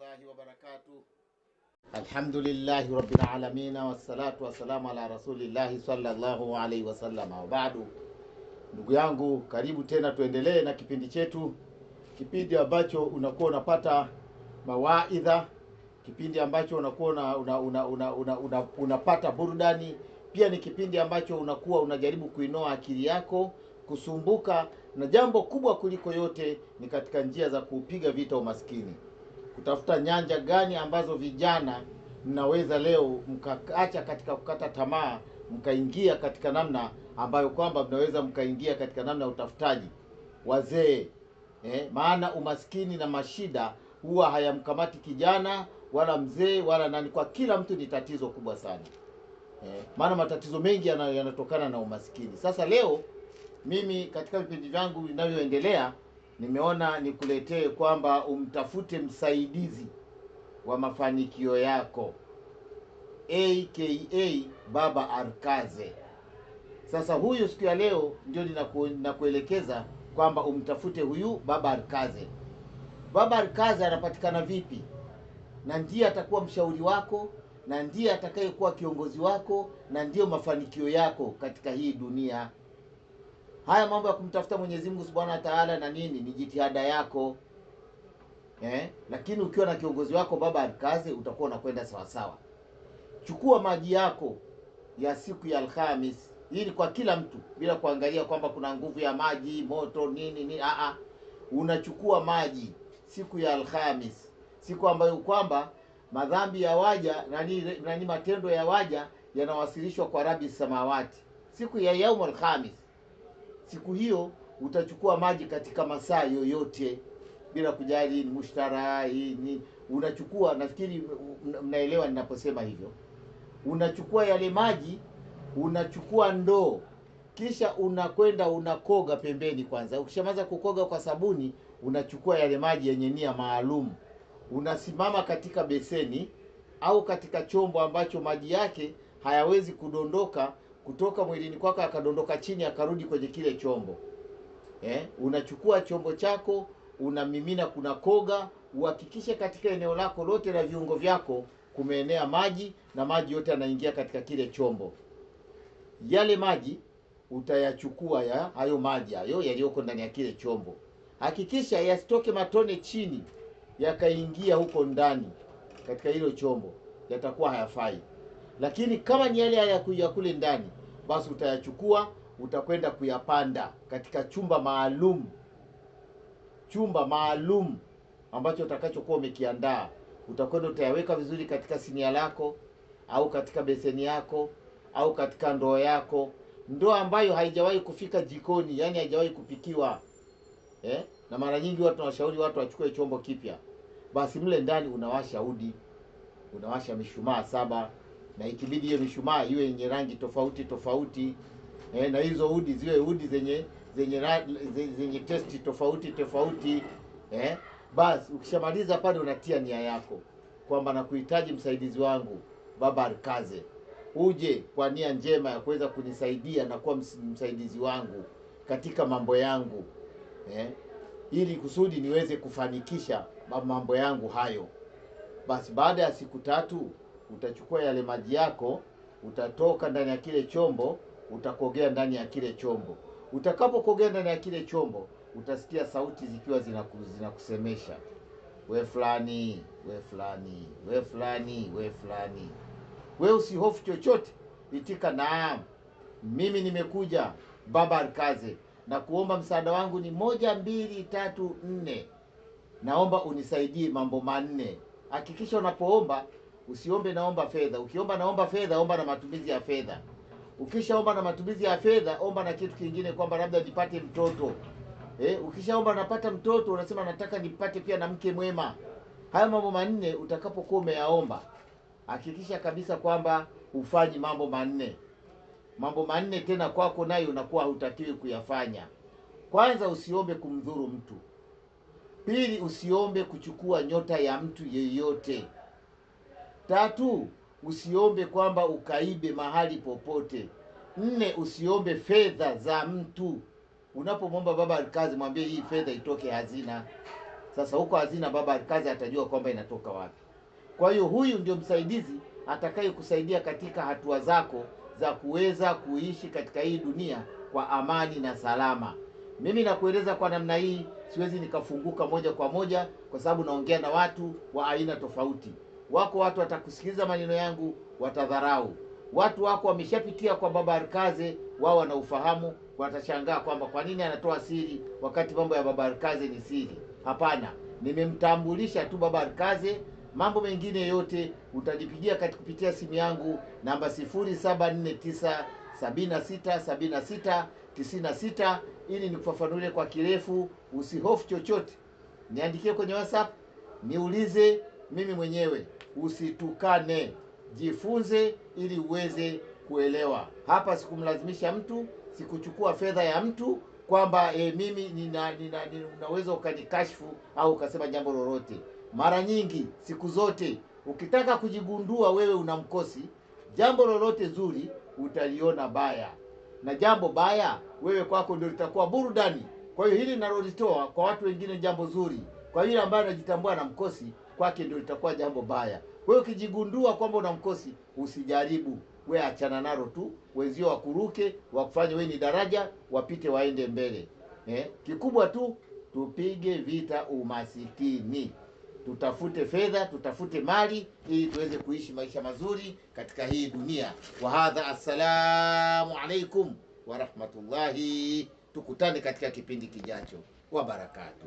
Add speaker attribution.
Speaker 1: rahmatullahi wa barakatuh. Alhamdulillahi rabbil alamin wassalatu wassalamu ala rasulillahi sallallahu alaihi wasallam. Wa ndugu yangu, karibu tena, tuendelee na kipindi chetu, kipindi ambacho unakuwa unapata mawaidha, kipindi ambacho unakuwa una, una, una, una, una, una, unapata burudani pia ni kipindi ambacho unakuwa unajaribu kuinoa akili yako kusumbuka na jambo kubwa kuliko yote ni katika njia za kupiga vita umaskini kutafuta nyanja gani ambazo vijana mnaweza leo mkaacha katika kukata tamaa, mkaingia katika namna ambayo kwamba mnaweza mkaingia katika namna ya utafutaji wazee eh, maana umaskini na mashida huwa hayamkamati kijana wala mzee wala nani, kwa kila mtu ni tatizo kubwa sana eh, maana matatizo mengi yanatokana na umaskini. Sasa leo mimi katika vipindi vyangu vinavyoendelea nimeona nikuletee kwamba umtafute msaidizi wa mafanikio yako aka Baba Arkaze. Sasa huyu siku ya leo ndio ninakuelekeza kwamba umtafute huyu Baba Arkaze. Baba Arkaze anapatikana vipi? Na ndiye atakuwa mshauri wako na ndiye atakayekuwa kiongozi wako na ndiyo mafanikio yako katika hii dunia Haya mambo ya kumtafuta Mwenyezi Mungu Subhanahu wa Ta'ala na nini ni jitihada yako eh? Lakini ukiwa na kiongozi wako baba alkazi, utakuwa unakwenda sawa sawa. Chukua maji yako ya siku ya Alhamis. Hii ni kwa kila mtu bila kuangalia kwamba kuna nguvu ya maji moto nini nini. Aa, unachukua maji siku ya Alhamis, siku ambayo kwamba madhambi ya waja nani, nani matendo ya waja yanawasilishwa kwa Rabi Samawati, siku ya yaumul khamis siku hiyo utachukua maji katika masaa yoyote bila kujali ni mushtara ni unachukua. Nafikiri mnaelewa ninaposema hivyo. Unachukua yale maji, unachukua ndoo, kisha unakwenda unakoga pembeni kwanza. ukishamaza kukoga kwa sabuni, unachukua yale maji yenye nia maalum, unasimama katika beseni au katika chombo ambacho maji yake hayawezi kudondoka kutoka mwilini kwako akadondoka chini akarudi kwenye kile chombo eh? Unachukua chombo chako unamimina, kuna koga, uhakikishe katika eneo lako lote la viungo vyako kumeenea maji na maji yote yanaingia katika kile chombo. Yale maji utayachukua ya hayo maji hayo yaliyoko ndani ya kile chombo, hakikisha yasitoke matone chini yakaingia huko ndani katika hilo chombo, yatakuwa hayafai lakini kama ni yale ya kule ndani, basi utayachukua utakwenda kuyapanda katika chumba maalum, chumba maalum ambacho utakachokuwa umekiandaa. Utakwenda utayaweka vizuri katika sinia lako au katika beseni yako au katika ndoo yako, ndoo ambayo haijawahi kufika jikoni, yani haijawahi kupikiwa eh? Na mara nyingi watu wanashauri watu wachukue chombo kipya. Basi mle ndani unawasha udi, unawasha mishumaa saba na ikibidi hiyo mishumaa iwe yenye rangi tofauti tofauti eh, na hizo udi ziwe udi zenye zenye zenye testi tofauti tofauti eh. Basi ukishamaliza pale unatia nia yako kwamba nakuhitaji msaidizi wangu Baba Arkaze, uje kwa nia njema ya kuweza kunisaidia na kuwa msaidizi wangu katika mambo yangu eh, ili kusudi niweze kufanikisha mambo yangu hayo. Basi baada ya siku tatu utachukua yale maji yako, utatoka ndani ya kile chombo, utakogea ndani ya kile chombo. Utakapokogea ndani ya kile chombo, utasikia sauti zikiwa zinakusemesha, zina we fulani, we fulani, we fulani, we fulani, we usihofu chochote, itika naam, mimi nimekuja Baba Alkaze na kuomba msaada wangu ni moja, mbili, tatu, nne. Naomba unisaidie mambo manne. Hakikisha unapoomba Usiombe naomba fedha. Ukiomba naomba fedha, omba na matumizi ya fedha. Ukishaomba na matumizi ya fedha, omba na kitu kingine, kwamba labda nipate mtoto eh. Ukishaomba napata mtoto, unasema nataka nipate pia na mke mwema. Haya mambo manne utakapokuwa umeyaomba, hakikisha kabisa kwamba ufanyi mambo manne. Mambo manne tena kwako nayo unakuwa hutakiwi kuyafanya. Kwanza, usiombe kumdhuru mtu. Pili, usiombe kuchukua nyota ya mtu yeyote. Tatu, usiombe kwamba ukaibe mahali popote. Nne, usiombe fedha za mtu. Unapomwomba baba alikazi, mwambie hii fedha itoke hazina. Sasa huko hazina, baba alikazi atajua kwamba inatoka wapi. Kwa hiyo huyu ndio msaidizi atakayekusaidia katika hatua zako za kuweza kuishi katika hii dunia kwa amani na salama. Mimi nakueleza kwa namna hii, siwezi nikafunguka moja kwa moja kwa sababu naongea na watu wa aina tofauti wako watu watakusikiliza maneno yangu watadharau. Watu wako wameshapitia kwa Arkaze, wao wana ufahamu, watashangaa kwamba kwa nini anatoa siri wakati mambo ya Arkaze ni siri. Hapana, nimemtambulisha tu Arkaze. Mambo mengine yote utanipigia kati kupitia simu yangu namba 0749767696 ili nikufafanulie kwa kirefu. Usihofu chochote, niandikie kwenye WhatsApp, niulize mimi mwenyewe. Usitukane, jifunze ili uweze kuelewa. Hapa sikumlazimisha mtu, sikuchukua fedha ya mtu kwamba e, mimi nina, nina, nina, unaweza ukanikashfu au ukasema jambo lolote. Mara nyingi, siku zote, ukitaka kujigundua wewe una mkosi, jambo lolote zuri utaliona baya, na jambo baya wewe kwako ndio litakuwa burudani. Kwa hiyo hili nalolitoa kwa watu wengine jambo zuri, kwa yule ambaye anajitambua na mkosi kwake ndio litakuwa jambo baya. hiyo ukijigundua kwamba una mkosi, usijaribu we, achana nalo tu, wenzio wakuruke, wakufanye we ni daraja, wapite waende mbele eh? Kikubwa tu tupige vita umasikini, tutafute fedha, tutafute mali ili tuweze kuishi maisha mazuri katika hii dunia. Wa hadha, assalamu alaikum wa rahmatullahi. Tukutane katika kipindi kijacho. Wabarakatu.